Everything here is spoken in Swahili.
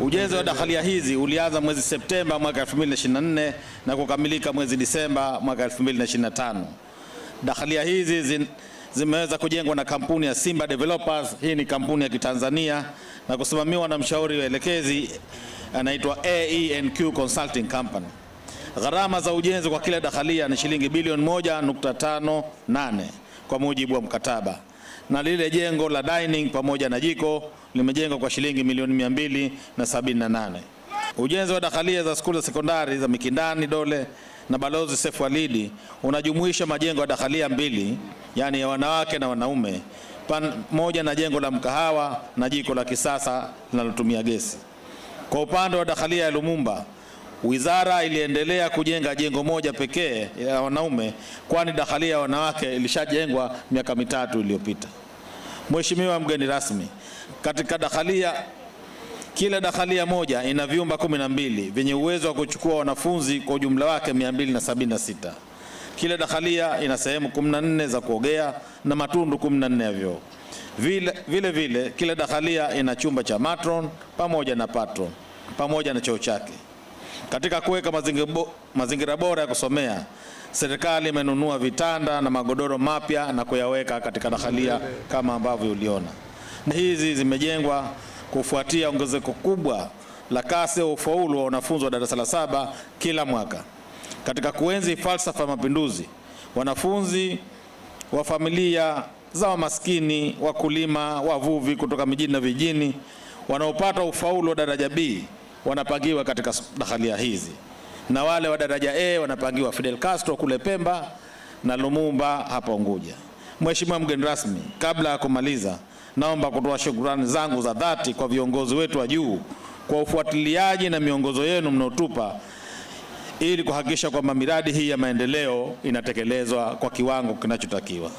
Ujenzi wa dakhalia hizi ulianza mwezi Septemba mwaka 2024 na kukamilika mwezi Disemba mwaka 2025. Dakhalia hizi zin, zimeweza kujengwa na kampuni ya Simba Developers. Hii ni kampuni ya Kitanzania na kusimamiwa na mshauri wa elekezi anaitwa AENQ Consulting Company. Gharama za ujenzi kwa kila dakhalia ni shilingi bilioni 1.58 kwa mujibu wa mkataba na lile jengo la dining pamoja na jiko limejengwa kwa shilingi milioni mia mbili na sabini na nane. Ujenzi wa dakhalia za skuli za sekondari za Mikindani, Dole na Balozi Seif Walidi unajumuisha majengo ya dakhalia mbili, yaani ya wanawake na wanaume, pamoja na jengo la mkahawa na jiko la kisasa linalotumia gesi. Kwa upande wa dakhalia ya Lumumba Wizara iliendelea kujenga jengo moja pekee ya wanaume, kwani dakhalia ya wanawake ilishajengwa miaka mitatu iliyopita. Mheshimiwa mgeni rasmi, katika dakhalia kila dakhalia moja ina vyumba kumi na mbili vyenye uwezo wa kuchukua wanafunzi kwa ujumla wake 276. Kila dakhalia ina sehemu 14 za kuogea na matundu 14 ya vyoo. Vile, vile vile kila dakhalia ina chumba cha matron pamoja na patron pamoja na choo chake. Katika kuweka mazingira bora ya kusomea, serikali imenunua vitanda na magodoro mapya na kuyaweka katika dakhalia kama ambavyo uliona. Hizi zimejengwa kufuatia ongezeko kubwa la kasi ya ufaulu wa wanafunzi wa darasa la saba kila mwaka. Katika kuenzi falsafa ya mapinduzi, wanafunzi wa familia za wamaskini, wakulima, wavuvi kutoka mijini na vijijini wanaopata ufaulu wa daraja B wanapangiwa katika dakhalia hizi, na wale wa daraja A wanapangiwa Fidel Castro kule Pemba na Lumumba hapa Unguja. Mheshimiwa mgeni rasmi, kabla ya kumaliza, naomba kutoa shukrani zangu za dhati kwa viongozi wetu wa juu kwa ufuatiliaji na miongozo yenu mnaotupa ili kuhakikisha kwamba miradi hii ya maendeleo inatekelezwa kwa kiwango kinachotakiwa.